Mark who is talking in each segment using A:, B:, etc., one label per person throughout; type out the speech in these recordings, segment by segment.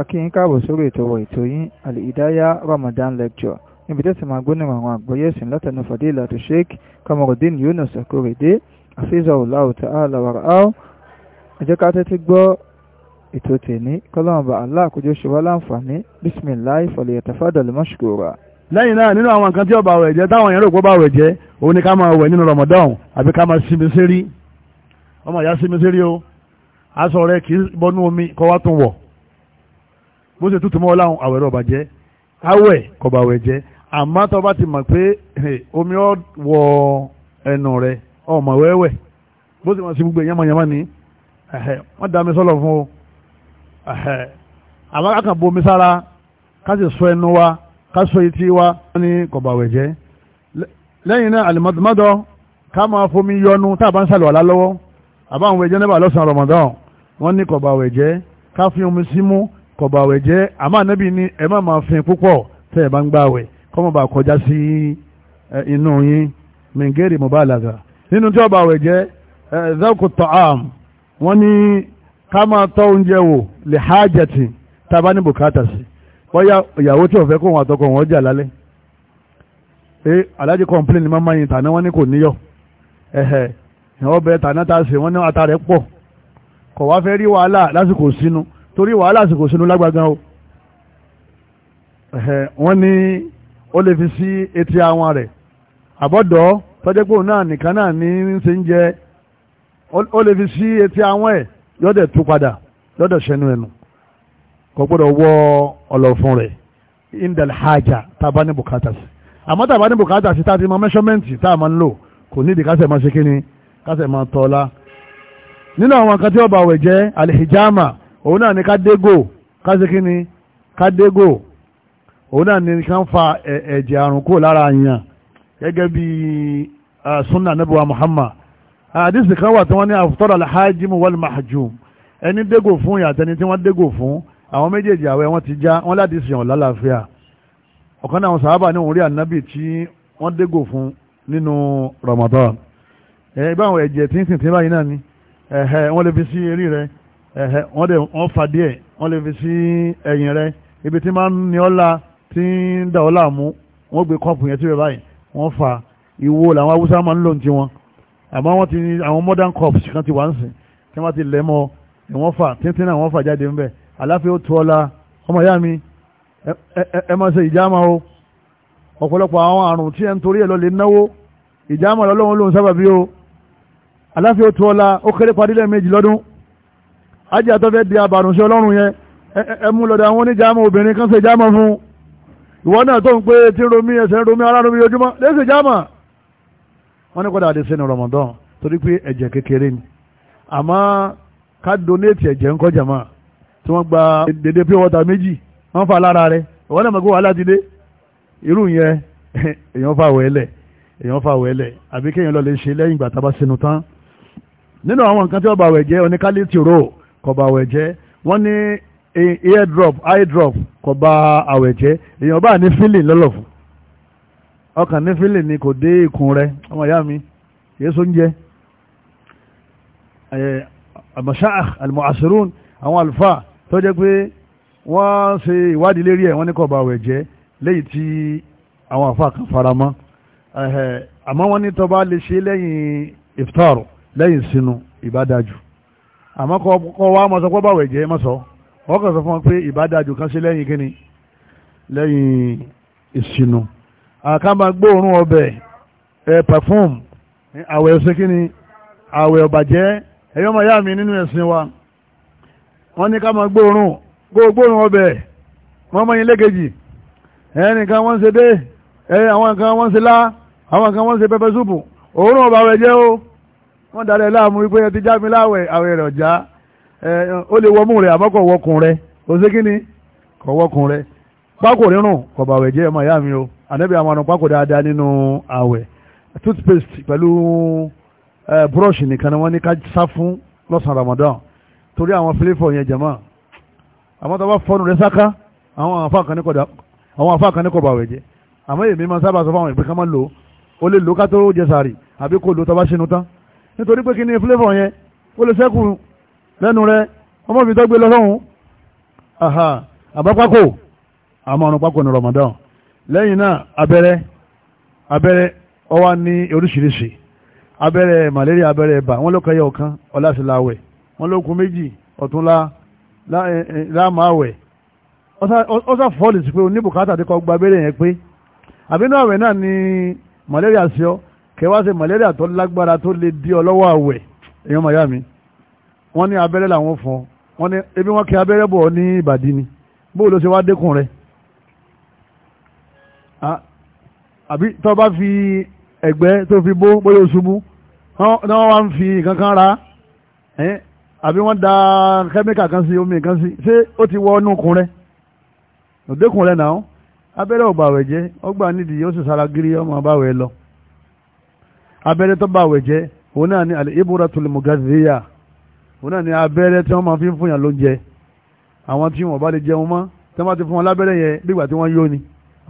A: akíyín káàbọ̀ sórí ètò ètò yín al Ramadan lecture níbi tẹ́sí máa gbóná àwọn àgbọ́yé ẹ̀sìn látẹnu Fadilatu Sheikh Kamarudin Yunus Akorede Hafizahullahu ta'ala wara'ahu ẹ jẹ́ ká tẹ́tí gbọ́ ètò tèmi kọ́lọ́mọba aláàkójọ ṣe wá láǹfààní bisimilahi falyatafadal mashkura. lẹ́yìn náà nínú àwọn nǹkan tí ó ba àwẹ̀ jẹ́ táwọn èèyàn rò pé ó àwẹ̀ jẹ́ òun ni ká máa wẹ̀ nínú Ramadan àbí ká máa sinmi sérí ọmọ ìyá sinmi sérí o aṣọ rẹ kì í bọ́nú omi kọ́ wá tún wọ̀ bó ṣe tútù mọ́ láwọn àwẹ̀ rọ̀ bàjẹ́ awẹ̀ kọba awẹ̀ jẹ́ àmọ́ tó bá ti mọ̀ pé eh, omi ọ̀ wọ ẹnu rẹ̀ ọmọ wẹ́wẹ́ bó ṣe sí gbogbo ìyàmọ̀yàmọ̀ ni wọ́n dá mi sọ́lọ̀ fún o àmọ́ ká kàn bomi sára ká sì sọ ẹnu wa ká sọ etí wa ní kọba awẹ̀ jẹ́ lẹ́yìn náà àlùmọ́dọ́mọ́dọ́ ká máa fomi yọnu tá a bá ń sàlọ̀ àlá lọ́wọ́ àbáwọn wẹ̀jẹ́ níbà lọ́sàn-án rọ̀mọ̀dán wọ́n ní kọba awẹ̀ jẹ́ ká fi omi símú kọba àwẹ̀ jẹ́ àmọ́ ànábì ní ẹ má máa fin púpọ̀ tẹ́ ẹ bá ń gbà àwẹ̀ kọ́mọ̀ bá kọjá sí inú yín mingeri mobalaga nínú tí ọba àwẹ̀ jẹ́ zaku ta'am wọ́n ní ká máa tọ́ oúnjẹ wò lè hájàtì tá a bá ní bùkátà sí bóyá ìyàwó tí ò fẹ́ kó wọn àtọkọ wọn jà lálẹ́ ee aláàjì kọ́ńplẹ́n ní máma yin tàná wọ́n ní kò níyọ̀ ẹ̀hẹ̀ ọbẹ̀ tàná tá a sè wọ́n ní ata rẹ̀ pọ̀ kọ̀ wá fẹ́ rí wàhálà lásìkò sínú torí wàhálà àsìkò sínú lágbàgán o wọ́n ní ó lè fi sí etí àwọn rẹ̀ àbọ̀dọ̀ tọ́jẹ́ pé òun náà nìkan náà ní ṣe ń jẹ ó lè fi sí etí àwọn ẹ̀ yọ́dẹ̀ tú padà yọ́dẹ̀ ṣẹnu ẹnu kò gbọ́dọ̀ wọ ọlọ́fun rẹ̀ indal haja tàbá ní bùkátà sí àmọ́ tàbá ní bùkátà sí tàbí mọ mẹ́ṣọ́mẹ́ǹtì tá a máa ń lò kò nídìí kásẹ̀ máa ṣe kíni kásẹ̀ máa tọ́lá nínú àwọn kan tí ó alihijama òun náà ni ká dégò ká ṣe kí ni ká òun náà ni ká ń fa ẹ̀jẹ̀ àrùn kúrò lára yàn gẹ́gẹ́ bí sunna nabuwa muhammad àdìsí kan wà tí wọ́n ní àfutọ́rọ̀ alhajimu muwal mahjum ẹni dégò fún ìyàtẹni tí wọ́n dégò fún àwọn méjèèjì àwẹ̀ wọn ti já wọn láti sìn ọ̀la láàfíà ọ̀kan náà sàábà ní òun rí ànábì tí wọ́n dégò fún nínú ramadan ẹ̀ báwọn ẹ̀jẹ̀ tí ń sìn tí báyìí náà ni ẹ̀hẹ̀ wọ́n lè fi sí eré rẹ̀ ẹ̀hẹ́ wọ́n dẹ̀ wọ́n fa díẹ̀ wọ́n lè fi sí ẹ̀yìn rẹ ibi tí máa ń ní ọ́la tí ń dà ọ́ láàmú wọ́n gbé kọ́ọ̀pù yẹn síbẹ̀ báyìí wọ́n fa ìwo làwọn haúsá máa ń lò tiwọn àmọ́ wọ́n ti ní àwọn modern cups kan ti wà ń sìn tí wọ́n ti lẹ̀ mọ́ ni wọ́n fà títí náà wọ́n fà jáde ń bẹ̀ aláfẹ́ ó tu ọ́la ọmọ ìyá mi ẹ máa ṣe ìjàmà o ọ̀pọ̀lọpọ̀ àwọn àrùn tí ẹ ń torí ẹ̀ lọ lè náwó ìjàmà lọ́lọ́run lòun sábàbí o aláfẹ́ ó tu ọ́la ó kéré padì lẹ́ẹ̀mejì lọ́dún ajé àtọ́fẹ́ di abànúṣe ọlọ́run yẹn ẹmú lọ́dọ̀ àwọn oníjàmọ̀ obìnrin kan ṣe jámọ̀ fún ìwọ náà tó ń pé tí ń romi ẹsẹ̀ ń romi ara romi ojúmọ́ léṣe jámọ̀ wọ́n ní kọ́dà àdìsí ní Ramadan torí pé ẹ̀jẹ̀ kékeré ni àmọ́ ká donate ẹ̀jẹ̀ ńkọ́ jàmọ́ tí wọ́n gba dédé pure water méjì wọ́n fa lára rẹ̀ ìwọ náà mọ̀ pé wàhálà ti dé irú yẹn èèyàn fa wẹ́lẹ̀ èèyàn fa wẹ́lẹ̀ àbí kéèyàn lọ kò ba àwẹ̀ jẹ́ wọ́n ní eardrop eyedrop kò ba àwẹ̀ jẹ́ èèyàn bá ní feeling lọ́lọ́fù ọkàn ní feeling ni kò dé ikùn rẹ ọmọ ìyá mi kìí só ń jẹ àmọ̀ṣáà àlùmọ̀àṣírún àwọn àlùfáà tó jẹ́ pé wọ́n ṣe ìwádìí lérí ẹ̀ wọ́n ní kò ba àwẹ̀ jẹ́ tí àwọn àfáà kan faramọ́ àmọ́ wọ́n ní tó lè ṣe lẹ́yìn iftar lẹ́yìn sínú ìbádájú àmọ́ kọ́ wa mọ̀ sọ pé báwẹ̀ jẹ́ mọ̀ sọ wọ́n kàn sọ fún wọn pé ìbádájú kan sí lẹ́yìn kíni lẹ́yìn ìsinú àkàmà gbóòórùn ọbẹ̀ ẹ̀ perfume àwẹ̀ ọ̀sẹ̀ kíni àwẹ̀ ọ̀bàjẹ́ ẹ̀yọ́ mọ̀ yá mi nínú ẹ̀sìn wa wọ́n ní ká máa gbóòórùn gbóòórùn ọbẹ̀ wọ́n mọ̀ yín lẹ́gẹ̀jì ẹnìkan wọ́n ń ṣe dé àwọn kan wọ́n ń ṣe lá àwọn kan wọ́n ń ṣe pẹpẹ súpù òórùn ọbẹ̀ o wọ́n darí ẹ láàmú wípé ẹ ti já mi láwẹ̀ àwẹ̀ rẹ̀ ọ̀já ó lè wọ́mú rẹ̀ àmọ́ kò wọkùn rẹ̀ ó ṣe kí ni kò wọkùn rẹ̀ pákó rírùn kò bàwẹ̀ jẹ́ ọmọ ìyá mi o ànábì àwọn àrùn pákó dáadáa nínú àwẹ̀ toothpaste pẹ̀lú brush nìkan ni wọ́n ní ká sá fún lọ́sàn Ramadan torí àwọn flavour yẹn jẹ̀mọ́ àmọ́ tó bá fọnù rẹ̀ sáká àwọn àfa kan ní kò bàwẹ̀ jẹ́ àmọ́ èmi máa sábà sọ fún àwọn ìpín kan máa lò ó lè lò ká tó jẹ sàárì àbí kò lò tó bá ṣinú tán nítorí pé kí ni flavour yẹn ó lè sẹ́kù lẹ́nu rẹ ọmọ mi dọ́gbe lọ́sọ̀hún àbápákò àmọ̀ràn pákò ní Ramadan lẹ́yìn náà abẹ́rẹ́ abẹ́rẹ́ ó wà ní oríṣiríṣi abẹ́rẹ́ malaria abẹ́rẹ́ ẹ̀bà wọ́n ló kẹyọ ọ̀kan ọ̀làṣìláwẹ̀ wọ́n ló kù méjì ọ̀túnla láàmáwẹ̀ ó sà fọ́ọ̀lì sí pé oníbùkátà tí kò gba abẹ́rẹ́ yẹn pé àbínú àwẹ̀ náà ni malaria sí ọ kẹwàá ṣe malaria tó lágbára tó lè di ọlọ́wọ́ àwẹ̀ èèyàn màyà mi wọ́n ní abẹ́rẹ́ làwọn fún wọ́n ní ebi wọ́n kí abẹ́rẹ́ bọ̀ ní ìbàdí ni bóòlù ló ṣe wá dẹ́kun rẹ̀ àbí tó bá fi ẹ̀gbẹ́ tó fi bó bóyá oṣubú náà wá ń fi nǹkan kan ra àbí wọ́n da kẹ́míkà kan sí omi kan sí ṣé ó ti wọ inú kun rẹ̀ òdekun rẹ̀ náà abẹ́rẹ́ ọ̀gbà wẹ̀ jẹ́ ọgbà nídìí ó sì sara gírí ọmọ abáwẹ̀ lọ abẹ́rẹ́ tó bá àwẹ̀ jẹ́ òun náà ni al-ibratul mughadhdhiya òun náà ni abẹ́rẹ́ tí wọ́n máa fi ń fún yàn lóúnjẹ àwọn tí wọ́n bá lè jẹun mọ́ tí wọ́n ti fún wọn lábẹ́rẹ́ yẹn nígbà tí wọ́n yó ni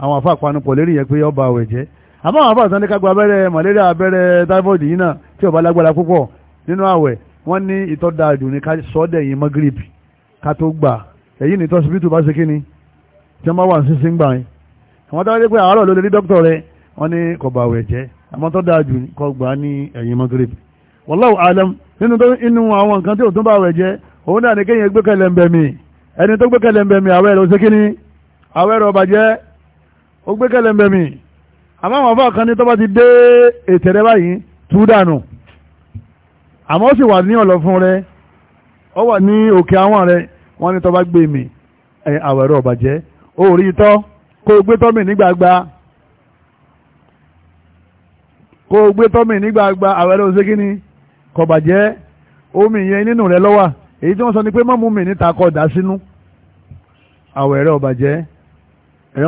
A: àwọn àfa àpanupọ̀ lérí yẹn pé ó ba àwẹ̀ jẹ́ àmọ́ àwọn àfa àtàn ní ká gba abẹ́rẹ́ malaria abẹ́rẹ́ typhoid yìí náà tí ó bá lágbára púpọ̀ nínú àwẹ̀ wọ́n ní ìtọ́ da àdùn ní ká sọ́dẹ̀ yìí magrib ká tó gbà èyí ní tọ́sibítù bá ṣe kí ni tí wọ́n bá wà ní sísìn gbà àmọ́ tó dáa jù kọ gbà á ní ẹ̀yìn mọ́gírèbì wallahu alam nínú inú àwọn nǹkan tí òtún bá wẹ̀ jẹ́ òun náà ní kéèyàn gbé kẹlẹ̀ ń bẹ̀ mí ẹni tó gbé kẹlẹ̀ ń bẹ̀ mí àwẹ̀ rẹ̀ ó ṣe kíní àwẹ̀ rẹ̀ ọba jẹ́ ó gbé kẹlẹ̀ ń bẹ̀ mí àmọ́ àwọn afọ kan tó bá ti dé ètè rẹ báyìí tú dànù àmọ́ ó sì wà ní ọ̀lọ́ rẹ ó wà ní òkè àwọn rẹ wọ́n ní tó bá gbé mi àwẹ̀ rẹ̀ ọba jẹ́ ó rí itọ́ kó o gbé tọ́mì nígbàgbà kó o gbé tọ́mì nígbàgbà àwẹ̀ ló ṣe kíni kò bàjẹ́ omi yẹn nínú rẹ lọ́wà èyí tí wọ́n sọ ni pé mọ́mú mi níta kọ́ dá sínú àwẹ̀ rẹ ò bàjẹ́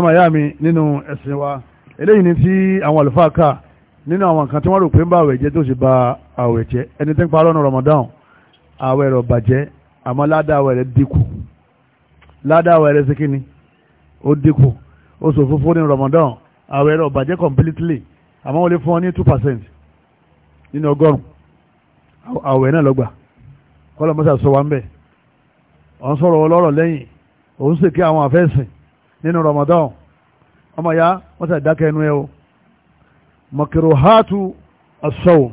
A: màyá mi nínú ẹ̀sìn wa eléyìí ni tí àwọn àlùfáà kà nínú àwọn nǹkan tí wọ́n rò pé ń bá àwẹ̀ jẹ́ tó sì ba àwẹ̀ jẹ́ ẹni tí ń parọ́ ní Ramadan àwẹ̀ rẹ ò bàjẹ́ àmọ́ ládàá àwẹ̀ rẹ dínkù ládàá àwẹ̀ rẹ ṣe Ramadan àwẹ̀ rẹ completely àmọ́ wọ́n lè fún ọ ní two percent nínú ọgọ́rùn-ún àwẹ̀ náà lọ́gbà kọ́lọ̀ mọ́sà sọ wa ń bẹ̀ ọ̀n sọ̀rọ̀ ọlọ́rọ̀ lẹ́yìn òun sì kí àwọn àfẹ́sìn nínú Ramadan ọmọ ya wọ́n sì dákẹ́ ẹnu ẹ o mọ̀kìrò háàtú ọ̀sọ̀wò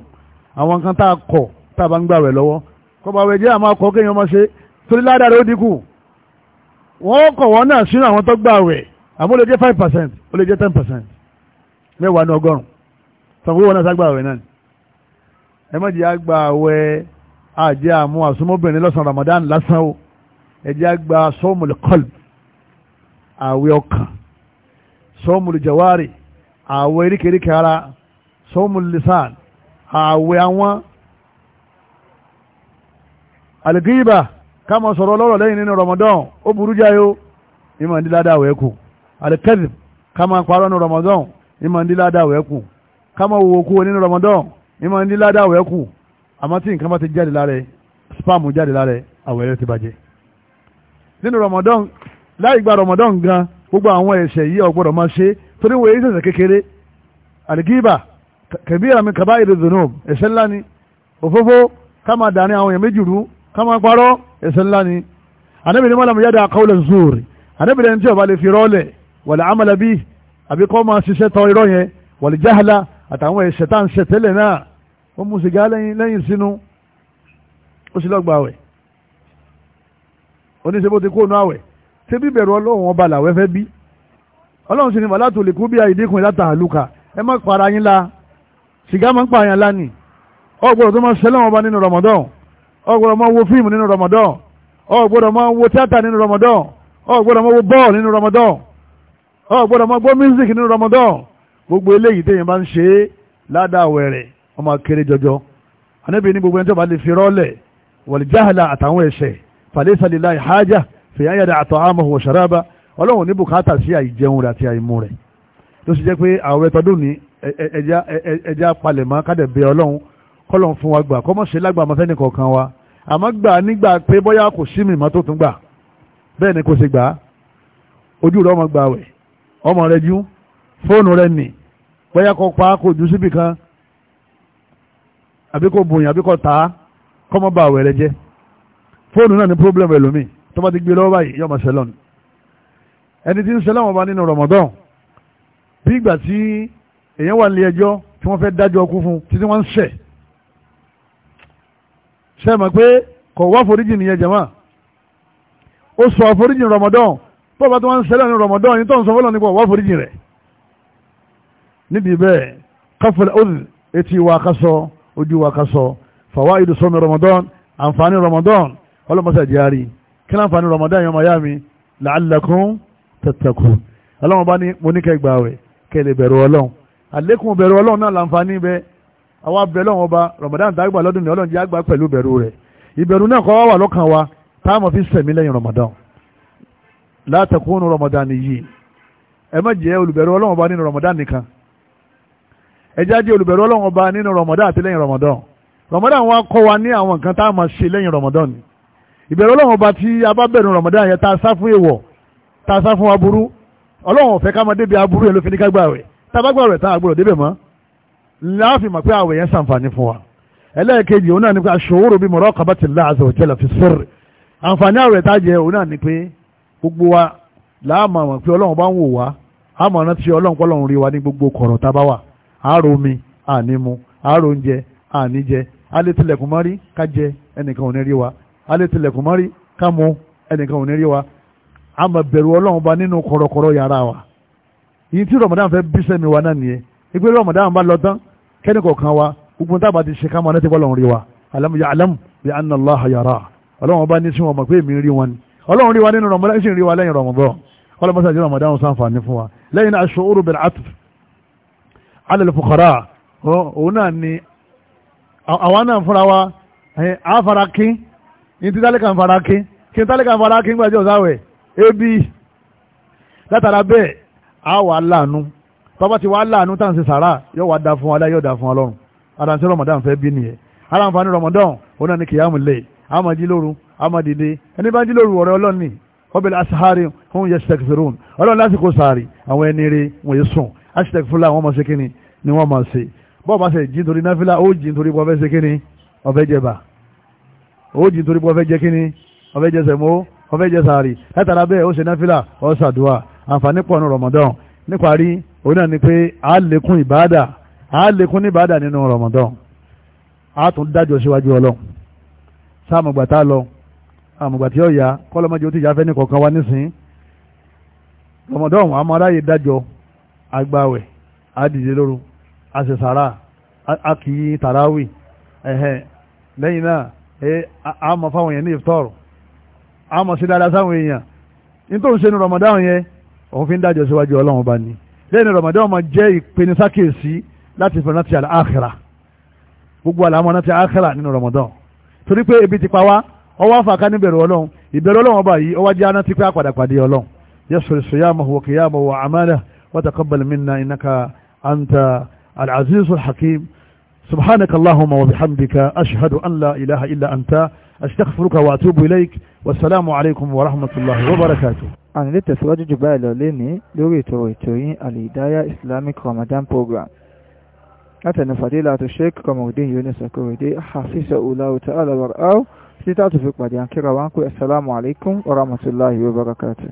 A: àwọn nǹkan tá a kọ̀ tá a bá ń gbà rẹ̀ lọ́wọ́ kọba àwẹ̀ jẹ́ àmọ́ akọ kéèyàn ọmọ torí ládàá rẹ̀ ó dínkù wọ́n kọ̀ wọ́n náà sínú àwọn tó gbà rẹ̀ àmọ́ ó lè jẹ́ five percent ó lè jẹ́ ten percent mẹ́wàá ní ọgọ́rùn-ún sọ̀kú wọn náà sá gbààwẹ̀ náà ẹ má jẹ́ àgbààwẹ̀ àjẹ́ àmú àsomóbìnrin lọ́sàn Ramadan lásán o ẹ jẹ́ àgbà sọ́ọ̀mùlù kọ́lb àwẹ̀ ọkàn sọ́ọ̀mùlù jawari àwẹ̀ eríkèéríkèé ara sọ́ọ̀mùlù lisan àwẹ̀ àwọn alìgíbà káàmọ̀ sọ̀rọ̀ lọ́rọ̀ lẹ́yìn nínú Ramadan ó burú jáyó ìmọ̀ ìdíládàwẹ̀ kù alìkẹ́dìm káàmọ̀ parọ́ nínú Ramadan ìmọ̀ ìdíládàwẹ̀ kù Kama máa wo kú nínú Ramadan ní máa ń dín ládàá àwẹ̀ kù àmọ́ tí nǹkan bá ti jáde lára ẹ spam jáde lára ẹ rẹ ti bàjẹ́ nínú Ramadan láì gba Ramadan gan gbogbo àwọn ẹ̀ṣẹ̀ yìí ò gbọ́dọ̀ máa ṣe torí wo èyí ṣẹ̀ṣẹ̀ kékeré àlìkíbà kẹbíra mi kaba èrè dùnú ẹ̀ṣẹ̀ ńlá ni òfófó ká máa dàní àwọn èèyàn méjì rú ká máa parọ́ ẹ̀ṣẹ̀ ńlá ni anábìrin mọ́lá mi yáda qawla zuur anábìrin tí ó lè fi rọ́ọ̀lẹ̀ wàlẹ̀ amala àbíkọ́ máa ṣiṣẹ́ tọ́ irọ́ yẹn wàlẹ̀ jahala àtàwọn ẹ̀ṣẹ̀ tá à ń ṣẹ̀ tẹ́lẹ̀ náà ó mu sìgá lẹ́yìn sínú ó sì lọ́gba àwẹ̀ oníṣẹ́ bó ti kó nu àwẹ̀ ṣé bíbẹ̀rù ọlọ́run ọba làwẹ́ fẹ́ bí ọlọ́run sì ni wàhálà tó lè kú bí àìdínkùn ìlàtà àlùkà ẹ má para yín la sìgá máa ń pààyàn lánìí ọ gbọ́dọ̀ tó máa ṣẹlẹ̀ wọn bá nínú Ramadan ọ gbọ́dọ̀ máa wo fíìmù nínú Ramadan ọ gbọ́dọ̀ máa wo tíátà nínú Ramadan ọ gbọ́dọ̀ máa wo bọ́ọ̀lù nínú Ramadan ọ gbọ́dọ̀ máa gbọ́ mísíkì nínú Ramadan gbogbo eléyìí téèyàn bá ń ṣe é ládàáwẹ̀ rẹ̀ ọmọ akéré jọjọ anábì ní gbogbo ẹni tó bá lè fi rọ́ọ̀lẹ̀ wàlìjáhàlà àtàwọn ẹ̀ṣẹ̀ fàlẹ́sàlélà ìhájà fìyàyàdà àtọ̀ àmọ̀ wa sharaba ọlọ́run ní bùkátà sí àìjẹun rẹ̀ àti àìmu rẹ̀ tó sì jẹ́ pé ààwẹ̀ tọdún ní ẹja palẹ̀mọ́ kádẹ̀ bẹ ọlọ́run kọ́lọ̀ fún wa gbà kọ́mọ̀ ṣe lágbà mọ́fẹ́ni kọ̀ọ̀kan wa àmọ́ gbà nígbà pé bóyá kò sí mi mọ́ tó tún gbà bẹ́ẹ̀ ni kò sì gbà ojú rẹ̀ ọmọ gbà wẹ̀ ọmọ rẹ̀ jú fóònù rẹ̀ nì bóyá kó pa kó jù síbì kan àbí kó bùnyàn àbí kó tà á kó má bà wẹ̀rẹ̀ jẹ́ fóònù náà ní pírọ́blẹ̀mù ẹlòmíì tó bá ti gbé lọ́wọ́ báyìí yọ̀ọ́ máa ni ẹni tí ń ṣẹlẹ̀ wọn bá nínú Ramadan bí ìgbà tí èèyàn wà nílé ẹjọ́ tí wọ́n fẹ́ dájọ́ ọkú fún títí wọ́n ń ṣẹ̀ ṣe mọ̀ pé kò wá foríjì nìyẹn jẹ̀mọ́ ó sọ foríjì Ramadan tó bá tó wọ́n ń ṣẹlẹ̀ ní Ramadan yìí tó ń sọ fọlọ́ nípa wá foríjì rẹ̀ níbi bẹ́ẹ̀ káfíńlẹ̀ ó etí wa ká sọ ojú wa ká sọ fàwa ìdù sọmi ramadan àǹfààní ramadan ọlọ́mọsá diari kí ní àǹfààní ramadan yọmọ ya mi la'allakum tattaqun ọlọ́mọ bá ní mo ní kẹ́ gbààwẹ̀ kẹ́ lè bẹ̀rù ọlọ́run àlékún bẹ̀rù ọlọ́run náà làǹfààní bẹ àwa bẹ̀ lọ́wọ́ ọba ramadan dàgbà lọ́dún ní ọlọ́run jẹ́ àgbà pẹ̀lú bẹ̀rù rẹ̀ ìbẹ̀rù náà kọ́ ẹ má jẹ́ olùbẹ̀rù ọlọ́run ọba nínú ramadan nìkan ẹjẹ́ ajé olùbẹ̀rù ọlọ́run ọba nínú rọmọdán àti lẹ́yìn rọmọdán rọmọdán wa kọ́ wa ní àwọn nǹkan tá a máa ṣe lẹ́yìn rọmọdán ni ìbẹ̀rù ọlọ́run ọba tí a bá bẹ̀rù rọmọdán yẹn tá a sá fún èèwọ̀ tá a sá fún aburú ọlọ́run ọ̀fẹ́ ká máa débi aburú yẹn ló fi ní ká gbààwẹ̀ tá a bá gbààwẹ̀ tá a gbọ́dọ̀ débẹ̀ mọ́ láàfin mọ̀ pé àwẹ̀ yẹn ṣàǹfààní fún wa ẹlẹ́ẹ̀kejì òun náà ni pé aṣòwòrò bíi muraqabatillah azza wa jalla fi sirr àǹfààní àwẹ̀ tá a àárò omi ànímu àárò oúnjẹ àníjẹ alẹ́ tilẹ̀kùn mọ́rí ká jẹ ẹnìkan ò ní rí wa alẹ́ tilẹ̀kùn mọ́rí ká mu ẹnìkan ò ní rí wa a máa bẹ̀rù ọlọ́run ba nínú kọ̀rọ̀kọ̀rọ̀ yàrá wa yìí tí ramadan fẹ́ bí sẹ́mi wa náà nìyẹn ìgbé ramadan bá lọ tán kẹ́nìkọ̀ọ̀kan wa gbogbo tá a bá ti ṣe ká máa rántí bọ́lọ̀ rí wa alamu ya alamu bi anna allah yara ọlọ́run bá ní sí wọn mọ̀ pé èmi rí wọn ọlọ́run rí wa nínú ramadan sì rí wa lẹ́yìn ramadan ọlọ́run bá sàjẹ́ ramadan sàǹfààní fún wa lẹ́yìn aṣọ orúbẹ̀rẹ̀ àtúntò alal fuqara òun náà ni àwọn náà fúnra wa a fara kí ní ti tálíkà ń fara kí kí ní tálíkà ń fara kí gbàjẹ́ ọ̀sáwẹ̀ ebi látara bẹ́ẹ̀ a wà láàánú tọ́ba ti wá láàánú tá à ń ṣe sàrà yóò wá da fún wa láyé yóò da fún ọlọ́run ara ń ṣe rọmọdán fẹ́ bí nìyẹn ara ń fa ní rọmọdán òun náà ni kìyàmù lè amadi lóru amadi dé ẹni bá jí lóru ọ̀rẹ́ ọlọ́run ọbẹ̀ asahari fún yẹsẹ̀ kìfìrún lásìkò sàárì àwọn ẹni rẹ̀ wọ́n yé sùn aṣítẹ̀kùfúlà wọ́n máa ṣe kíni ni wọ́n máa ṣe bọ́ọ̀ máa ṣe jí nítorí náfìlà ó jí nítorí pé ó fẹ́ ṣe kíni ó fẹ́ jẹba ó jí nítorí pé ó fẹ́ jẹ kíni ó fẹ́ jẹ sẹ̀mó ó fẹ́ jẹ sàárì látara bẹ́ẹ̀ ó ṣe náfìlà ó ṣàdúà àǹfààní pọ̀ ní Ramadan níparí òun náà ni pé a lékún ìbáàdà a lékún ní ìbáàdà nínú Ramadan a tún dájọ́ síwájú ọlọ́run sáàmùgbà tá a lọ àmùgbà tí ó Ramadan àwọn aráyè agbáwẹ̀ adìde lóru àṣẹ̀sàrà akìí tàràwì ẹ̀hẹ̀ lẹ́yìn náà a mọ̀ fáwọn èèyàn ní ìfitọ́rù a mọ̀ sí dáadáa sáwọn èèyàn nítorí ṣe ní Ramadan yẹn òun fi ń dájọ́ síwájú Ọlọ́run bá ní lẹ́yìn Ramadan máa jẹ́ ìpenisákèsí láti fẹ́ràn ti àkhírà gbogbo àlámọ́ náà ti nínú Ramadan torí pé ebi ti pa wá ọwọ́ àfàká níbẹ̀rù Ọlọ́run ìbẹ̀rù Ọlọ́run ọba yìí ọwọ́ jẹ́ aná ti pé àpàdàpàdé Ọlọ́run yẹ́sùn ìṣòyàmọ̀ wọ̀kìyàmọ̀ wọ̀ àmàlà وتقبل منا إنك أنت العزيز الحكيم سبحانك اللهم وبحمدك أشهد أن لا إله إلا أنت أستغفرك وأتوب إليك والسلام عليكم ورحمة الله وبركاته أنا لدي سواجي جبال ليني لوري توي توي الهداية إسلاميك رمضان بروغرام أتى نفضي لا تشيك كمردين يونس أكوردي حافظ اولى وتعالى ورأو سيتاتفك بديان كيروانكو السلام عليكم ورحمة الله وبركاته